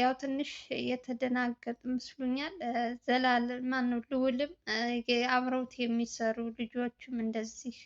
ያው ትንሽ የተደናገጥ ምስሉኛል። ዘላለም ማነው ልውልም አብረውት የሚሰሩ ልጆችም እንደዚህ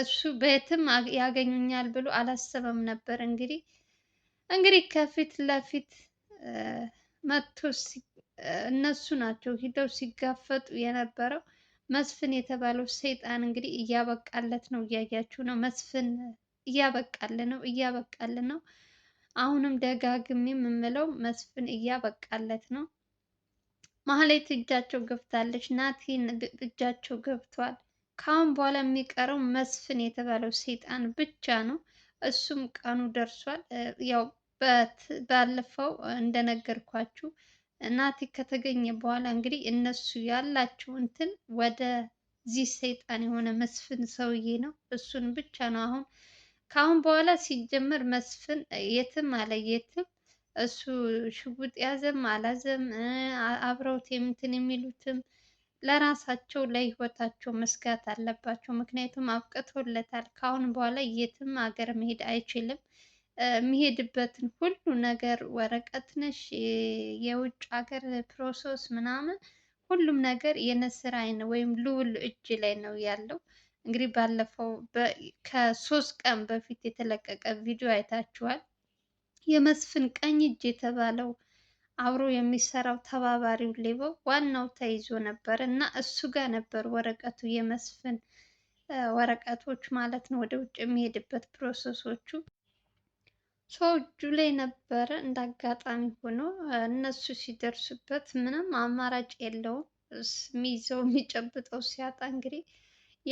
እሱ በየትም ያገኙኛል ብሎ አላሰበም ነበር። እንግዲህ እንግዲህ ከፊት ለፊት መጥቶ እነሱ ናቸው ሂደው ሲጋፈጡ የነበረው። መስፍን የተባለው ሰይጣን እንግዲህ እያበቃለት ነው። እያያችሁ ነው። መስፍን እያበቃልን ነው፣ እያበቃልን ነው አሁንም ደጋግሜ የምምለው መስፍን እያበቃለት ነው። ማህሌት እጃቸው ገብታለች። ናቲ እጃቸው ገብቷል። ከአሁን በኋላ የሚቀረው መስፍን የተባለው ሰይጣን ብቻ ነው። እሱም ቀኑ ደርሷል። ያው ባለፈው እንደነገርኳችሁ ናቲ ከተገኘ በኋላ እንግዲህ እነሱ ያላቸው እንትን ወደዚህ ሰይጣን የሆነ መስፍን ሰውዬ ነው። እሱን ብቻ ነው አሁን ከአሁን በኋላ ሲጀመር መስፍን የትም አለ የትም እሱ ሽጉጥ ያዘም አላዘም አብረውት የምትን የሚሉትም ለራሳቸው ለህይወታቸው መስጋት አለባቸው። ምክንያቱም አብቅቶለታል። ከአሁን በኋላ የትም ሀገር መሄድ አይችልም። የሚሄድበትን ሁሉ ነገር ወረቀት ነሽ፣ የውጭ ሀገር ፕሮሰስ ምናምን ሁሉም ነገር የንስር አይን ወይም ልውል እጅ ላይ ነው ያለው። እንግዲህ ባለፈው ከሶስት ቀን በፊት የተለቀቀ ቪዲዮ አይታችኋል። የመስፍን ቀኝ እጅ የተባለው አብሮ የሚሰራው ተባባሪው ሌባው ዋናው ተይዞ ነበር እና እሱ ጋር ነበር ወረቀቱ የመስፍን ወረቀቶች ማለት ነው። ወደ ውጭ የሚሄድበት ፕሮሰሶቹ ሰው እጁ ላይ ነበረ። እንደ አጋጣሚ ሆኖ እነሱ ሲደርሱበት ምንም አማራጭ የለውም። የሚይዘው የሚጨብጠው ሲያጣ እንግዲህ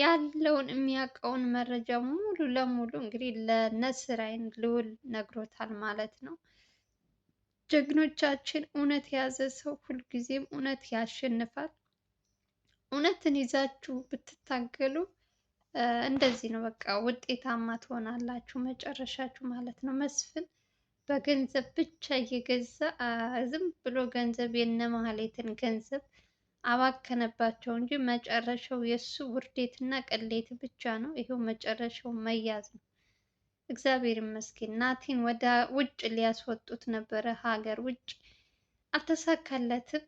ያለውን የሚያውቀውን መረጃ ሙሉ ለሙሉ እንግዲህ ለነስራይን ልዑል ነግሮታል ማለት ነው። ጀግኖቻችን እውነት የያዘ ሰው ሁልጊዜም እውነት ያሸንፋል። እውነትን ይዛችሁ ብትታገሉ እንደዚህ ነው በቃ ውጤታማ ትሆናላችሁ መጨረሻችሁ ማለት ነው። መስፍን በገንዘብ ብቻ እየገዛ ዝም ብሎ ገንዘብ የነመሀሌትን ገንዘብ አባከነባቸው እንጂ መጨረሻው የእሱ ውርዴትና ቅሌት ብቻ ነው። ይሄው መጨረሻው መያዝ ነው። እግዚአብሔር ይመስገን ናቲን ወደ ውጭ ሊያስወጡት ነበረ፣ ሀገር ውጭ አልተሳካለትም።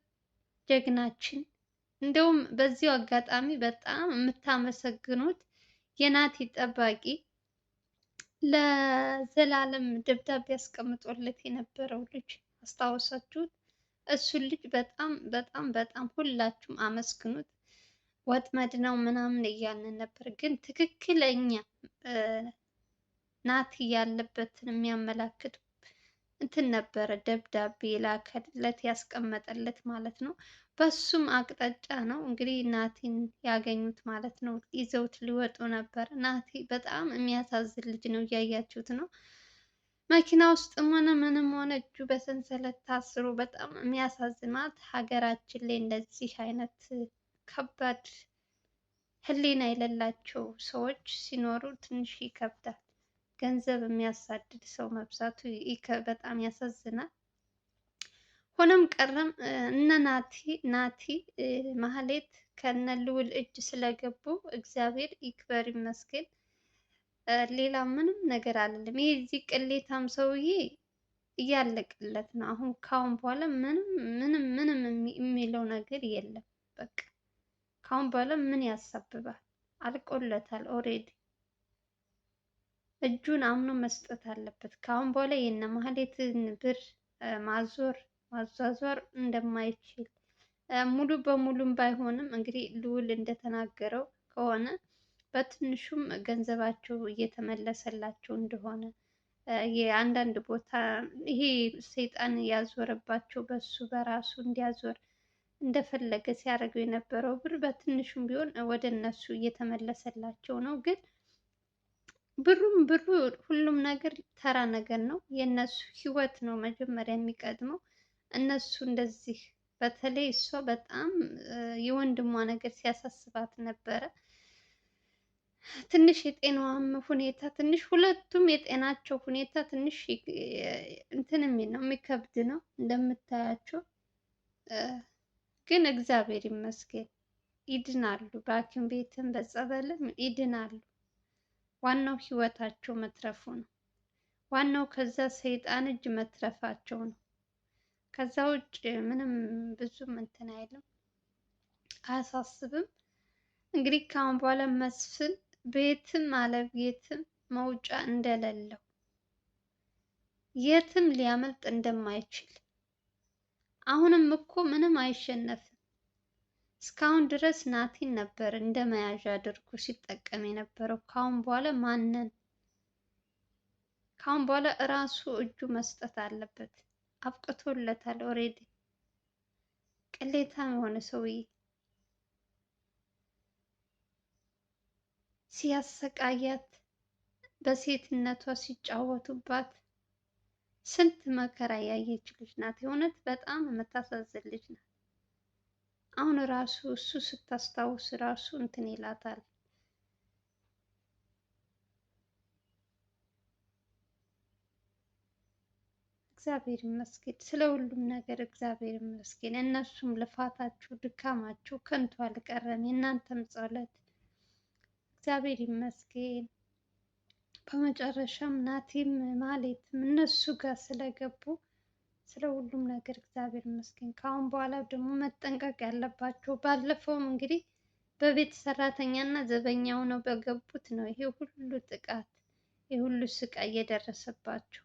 ጀግናችን እንደውም በዚሁ አጋጣሚ በጣም የምታመሰግኑት የናቲ ጠባቂ ለዘላለም ደብዳቤ ያስቀምጦለት የነበረው ልጅ አስታወሳችሁት? እሱን ልጅ በጣም በጣም በጣም ሁላችሁም አመስግኑት። ወጥመድ ነው ምናምን እያልን ነበር፣ ግን ትክክለኛ ናቲ ያለበትን የሚያመላክት እንትን ነበረ ደብዳቤ ላከለት ያስቀመጠለት ማለት ነው። በሱም አቅጣጫ ነው እንግዲህ ናቲን ያገኙት ማለት ነው። ይዘውት ሊወጡ ነበር። ናቲ በጣም የሚያሳዝን ልጅ ነው፣ እያያችሁት ነው። መኪና ውስጥም ሆነ ምንም ሆነ እጁ በሰንሰለት ታስሮ በጣም የሚያሳዝናት ሀገራችን ላይ እንደዚህ አይነት ከባድ ህሊና የሌላቸው ሰዎች ሲኖሩ ትንሽ ይከብዳል። ገንዘብ የሚያሳድድ ሰው መብዛቱ በጣም ያሳዝናል። ሆነም ቀረም እነ ናቲ ናቲ ማህሌት ከነ ልዑል እጅ ስለገቡ እግዚአብሔር ይክበር ይመስገን። ሌላ ምንም ነገር አይደለም። ይሄ እዚህ ቅሌታም ሰውዬ እያለቀለት ነው። አሁን ካሁን በኋላ ምንም ምንም ምንም የሚለው ነገር የለም። በቃ ካሁን በኋላ ምን ያሳብባል? አልቆለታል። ኦሬዲ እጁን አምኖ መስጠት አለበት። ካሁን በኋላ የነ ማህሌትን ብር ማዞር ማዟዟር እንደማይችል ሙሉ በሙሉም ባይሆንም እንግዲህ ልዑል እንደተናገረው ከሆነ በትንሹም ገንዘባቸው እየተመለሰላቸው እንደሆነ የአንዳንድ ቦታ ይሄ ሰይጣን ያዞረባቸው በሱ በራሱ እንዲያዞር እንደፈለገ ሲያደርገው የነበረው ብር በትንሹም ቢሆን ወደ እነሱ እየተመለሰላቸው ነው። ግን ብሩም ብሩ ሁሉም ነገር ተራ ነገር ነው። የእነሱ ህይወት ነው መጀመሪያ የሚቀድመው። እነሱ እንደዚህ በተለይ እሷ በጣም የወንድሟ ነገር ሲያሳስባት ነበረ። ትንሽ የጤናዋም ሁኔታ ትንሽ ሁለቱም የጤናቸው ሁኔታ ትንሽ እንትን የሚል ነው የሚከብድ ነው እንደምታያቸው። ግን እግዚአብሔር ይመስገን ይድናሉ፣ በሐኪም ቤትም በጸበልም ይድናሉ። ዋናው ህይወታቸው መትረፉ ነው። ዋናው ከዛ ሰይጣን እጅ መትረፋቸው ነው። ከዛ ውጭ ምንም ብዙም እንትን አይልም፣ አያሳስብም። እንግዲህ ከአሁን በኋላ መስፍን ቤትም አለቤትም መውጫ እንደሌለው የትም ሊያመልጥ እንደማይችል አሁንም እኮ ምንም አይሸነፍም። እስካሁን ድረስ ናቲን ነበር እንደ መያዣ አድርጎ ሲጠቀም የነበረው። ካሁን በኋላ ማንን? ካሁን በኋላ እራሱ እጁ መስጠት አለበት። አብቅቶለታል። ኦሬዲ ቅሌታም የሆነ ሰውዬ ሲያሰቃያት፣ በሴትነቷ ሲጫወቱባት ስንት መከራ ያየች ልጅ ናት። የእውነት በጣም የምታሳዝን ልጅ ናት። አሁን ራሱ እሱ ስታስታውስ ራሱ እንትን ይላታል። እግዚአብሔር ይመስገን ስለ ሁሉም ነገር እግዚአብሔር ይመስገን። እነሱም ልፋታችሁ፣ ድካማችሁ ከንቱ አልቀረም። የእናንተም ጸሎት እግዚአብሔር ይመስገን። በመጨረሻም ናቲም ማለትም እነሱ ጋር ስለገቡ ስለ ሁሉም ነገር እግዚአብሔር ይመስገን። ከአሁን በኋላ ደግሞ መጠንቀቅ ያለባቸው ባለፈውም እንግዲህ በቤት ሰራተኛ እና ዘበኛ ሆነው በገቡት ነው ይሄ ሁሉ ጥቃት ይሄ ሁሉ ስቃይ እየደረሰባቸው።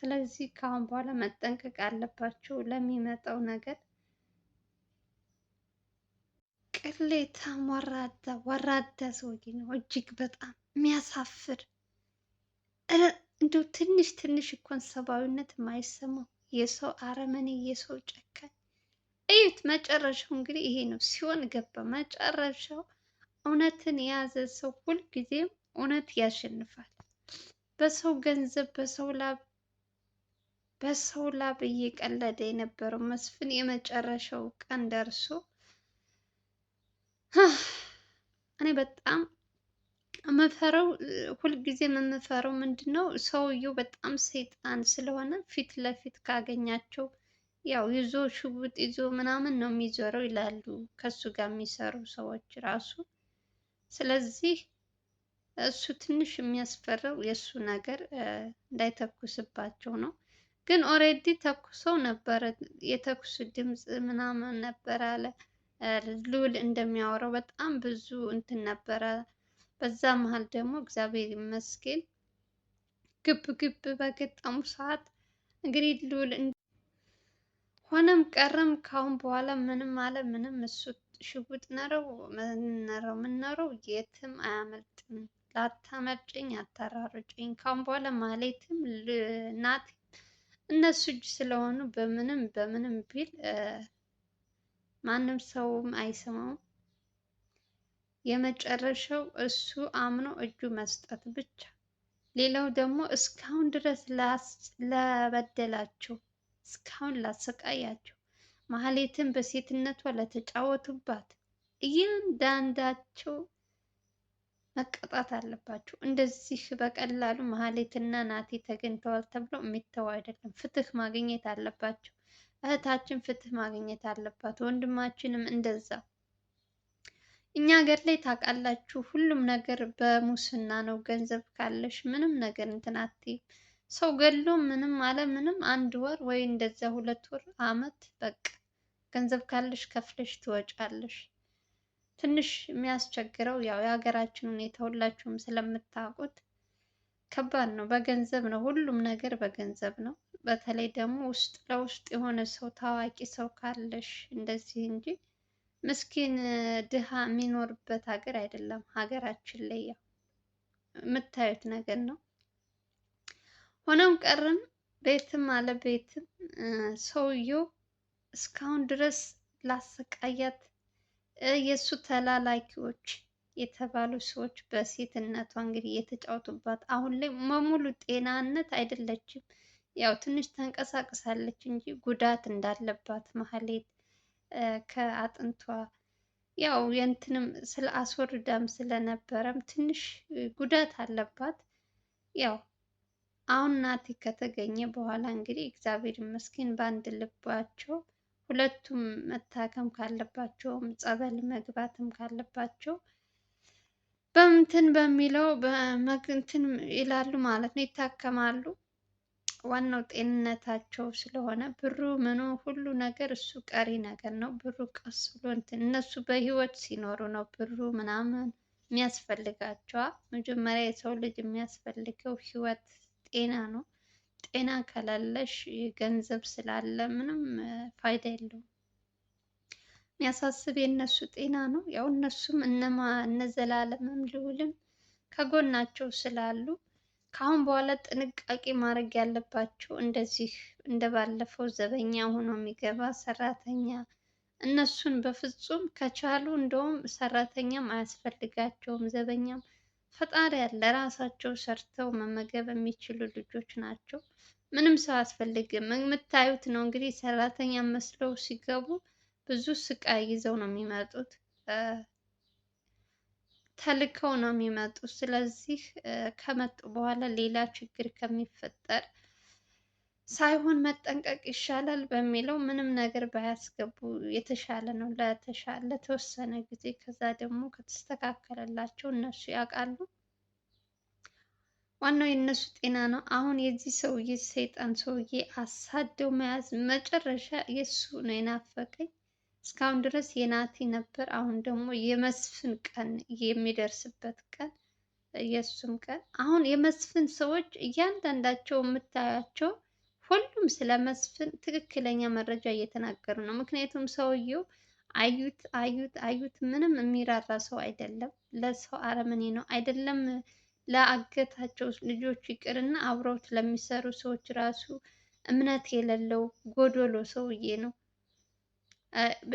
ስለዚህ ከአሁን በኋላ መጠንቀቅ አለባቸው ለሚመጣው ነገር ቅሌታም ወራዳ ወራዳ ሰውዬ ነው። እጅግ በጣም የሚያሳፍር እንዲሁ ትንሽ ትንሽ እንኳን ሰብአዊነት የማይሰማው የሰው አረመኔ የሰው ጨካኝ እዩት። መጨረሻው እንግዲህ ይሄ ነው ሲሆን ገባ። መጨረሻው እውነትን የያዘ ሰው ሁልጊዜም እውነት ያሸንፋል። በሰው ገንዘብ በሰው ላብ በሰው ላብ እየቀለደ የነበረው መስፍን የመጨረሻው ቀን ደርሶ እኔ በጣም የምፈራው ሁልጊዜ የምፈራው ምንድን ነው ሰውየው በጣም ሰይጣን ስለሆነ ፊት ለፊት ካገኛቸው ያው ይዞ ሽጉጥ ይዞ ምናምን ነው የሚዞረው ይላሉ ከሱ ጋር የሚሰሩ ሰዎች ራሱ። ስለዚህ እሱ ትንሽ የሚያስፈራው የእሱ ነገር እንዳይተኩስባቸው ነው። ግን ኦሬዲ ተኩሰው ነበረ። የተኩስ ድምፅ ምናምን ነበር አለ። ልዑል እንደሚያወራው በጣም ብዙ እንትን ነበረ። በዛ መሀል ደግሞ እግዚአብሔር ይመስገን ግብ ግብ በገጠሙ ሰዓት እንግዲህ ልዑል ሆነም ቀረም ካሁን በኋላ ምንም አለ ምንም እሱ ሽጉጥ ነረው ምንነረው ምንነረው የትም አያመልጥም። ላታመልጭኝ አታራርጭኝ። ካሁን በኋላ ማለትም ናት እነሱ እጅ ስለሆኑ በምንም በምንም ቢል ማንም ሰውም አይሰማውም። የመጨረሻው እሱ አምኖ እጁ መስጠት ብቻ። ሌላው ደግሞ እስካሁን ድረስ ለበደላቸው፣ እስካሁን ላሰቃያቸው፣ ማህሌትን በሴትነቷ ለተጫወቱባት እያንዳንዳቸው መቀጣት አለባቸው። እንደዚህ በቀላሉ ማህሌትና ናቲ ተገኝተዋል ተብሎ የሚተው አይደለም። ፍትህ ማግኘት አለባቸው። እህታችን ፍትህ ማግኘት አለባት። ወንድማችንም እንደዛ እኛ ሀገር ላይ ታውቃላችሁ፣ ሁሉም ነገር በሙስና ነው። ገንዘብ ካለሽ ምንም ነገር እንትን አትይም። ሰው ገሎ ምንም አለ ምንም አንድ ወር ወይ እንደዛ ሁለት ወር አመት፣ በቃ ገንዘብ ካለሽ ከፍለሽ ትወጫለሽ። ትንሽ የሚያስቸግረው ያው የሀገራችን ሁኔታ ሁላችሁም ስለምታውቁት ከባድ ነው። በገንዘብ ነው፣ ሁሉም ነገር በገንዘብ ነው። በተለይ ደግሞ ውስጥ ለውስጥ የሆነ ሰው ታዋቂ ሰው ካለሽ እንደዚህ እንጂ ምስኪን ድሃ የሚኖርበት ሀገር አይደለም። ሀገራችን ላይ ያው የምታዩት ነገር ነው። ሆኖም ቀርም ቤትም አለ ቤትም ሰውየው እስካሁን ድረስ ላሰቃያት የእሱ ተላላኪዎች የተባሉ ሰዎች በሴትነቷ እንግዲህ እየተጫወቱባት አሁን ላይ በሙሉ ጤናነት አይደለችም። ያው ትንሽ ተንቀሳቅሳለች እንጂ ጉዳት እንዳለባት ማህሌት ከአጥንቷ ያው የእንትንም ስለ አስወርዳም ስለነበረም ትንሽ ጉዳት አለባት። ያው አሁን ናቲ ከተገኘ በኋላ እንግዲህ እግዚአብሔር ይመስገን በአንድ ልባቸው ሁለቱም መታከም ካለባቸውም ጸበል መግባትም ካለባቸው በምትን በሚለው በመግንትን ይላሉ ማለት ነው፣ ይታከማሉ። ዋናው ጤንነታቸው ስለሆነ ብሩ ምኑ ሁሉ ነገር እሱ ቀሪ ነገር ነው። ብሩ ቀስ ብሎ እንትን እነሱ በህይወት ሲኖሩ ነው ብሩ ምናምን የሚያስፈልጋቸዋ። መጀመሪያ የሰው ልጅ የሚያስፈልገው ህይወት ጤና ነው። ጤና ከሌለሽ ገንዘብ ስላለ ምንም ፋይዳ የለውም። የሚያሳስብ የእነሱ ጤና ነው። ያው እነሱም እነማ እነ ዘላለምም ከጎናቸው ስላሉ ከአሁን በኋላ ጥንቃቄ ማድረግ ያለባቸው እንደዚህ እንደባለፈው ዘበኛ ሆኖ የሚገባ ሰራተኛ እነሱን በፍጹም ከቻሉ እንደውም ሰራተኛም አያስፈልጋቸውም። ዘበኛም ፈጣሪ ያለ ራሳቸው ሰርተው መመገብ የሚችሉ ልጆች ናቸው። ምንም ሰው አያስፈልግም። የምታዩት ነው እንግዲህ ሰራተኛ መስለው ሲገቡ ብዙ ስቃይ ይዘው ነው የሚመጡት። ተልከው ነው የሚመጡ። ስለዚህ ከመጡ በኋላ ሌላ ችግር ከሚፈጠር ሳይሆን መጠንቀቅ ይሻላል በሚለው ምንም ነገር ባያስገቡ የተሻለ ነው። ለተሻለ ለተወሰነ ጊዜ ከዛ ደግሞ ከተስተካከለላቸው እነሱ ያውቃሉ። ዋናው የእነሱ ጤና ነው። አሁን የዚህ ሰውዬ ሰይጣን ሰውዬ አሳደው መያዝ መጨረሻ የእሱ ነው የናፈቀኝ። እስካሁን ድረስ የናቲ ነበር። አሁን ደግሞ የመስፍን ቀን የሚደርስበት ቀን የእሱም ቀን አሁን የመስፍን ሰዎች እያንዳንዳቸው የምታያቸው ሁሉም ስለ መስፍን ትክክለኛ መረጃ እየተናገሩ ነው። ምክንያቱም ሰውየው አዩት አዩት አዩት ምንም የሚራራ ሰው አይደለም። ለሰው አረመኔ ነው አይደለም ለአገታቸው ልጆች ይቅርና አብረውት ለሚሰሩ ሰዎች ራሱ እምነት የሌለው ጎዶሎ ሰውዬ ነው።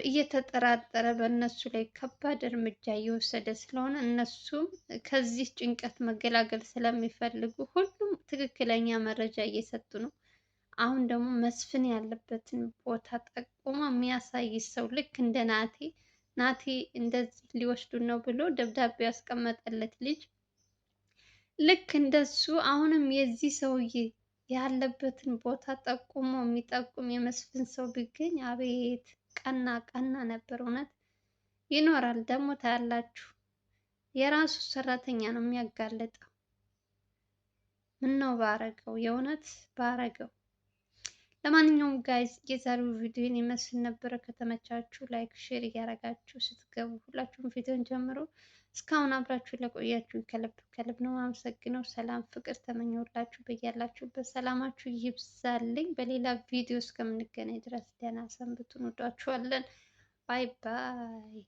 እየተጠራጠረ በእነሱ ላይ ከባድ እርምጃ እየወሰደ ስለሆነ እነሱም ከዚህ ጭንቀት መገላገል ስለሚፈልጉ ሁሉም ትክክለኛ መረጃ እየሰጡ ነው። አሁን ደግሞ መስፍን ያለበትን ቦታ ጠቁሞ የሚያሳይ ሰው ልክ እንደ ናቴ ናቴ እንደዚህ ሊወስዱ ነው ብሎ ደብዳቤ ያስቀመጠለት ልጅ ልክ እንደሱ አሁንም የዚህ ሰውዬ ያለበትን ቦታ ጠቁሞ የሚጠቁም የመስፍን ሰው ቢገኝ አቤት ቀና ቀና ነበር። እውነት ይኖራል ደግሞ ታያላችሁ። የራሱ ሰራተኛ ነው የሚያጋልጠው። ምነው ባረገው፣ የእውነት ባረገው። ለማንኛውም ጋይዝ የዛሬው ቪዲዮን ይመስል ነበረ። ከተመቻችሁ ላይክ፣ ሼር እያደረጋችሁ ስትገቡ ሁላችሁም ቪዲዮን ጀምሮ እስካሁን አብራችሁ ለቆያችሁ ከልብ ከልብ ነው አመሰግነው። ሰላም ፍቅር ተመኘሁላችሁ። በያላችሁበት ሰላማችሁ ይብዛልኝ። በሌላ ቪዲዮ እስከምንገናኝ ድረስ ደህና ሰንብቱ እንወዳችኋለን። ባይ ባይ።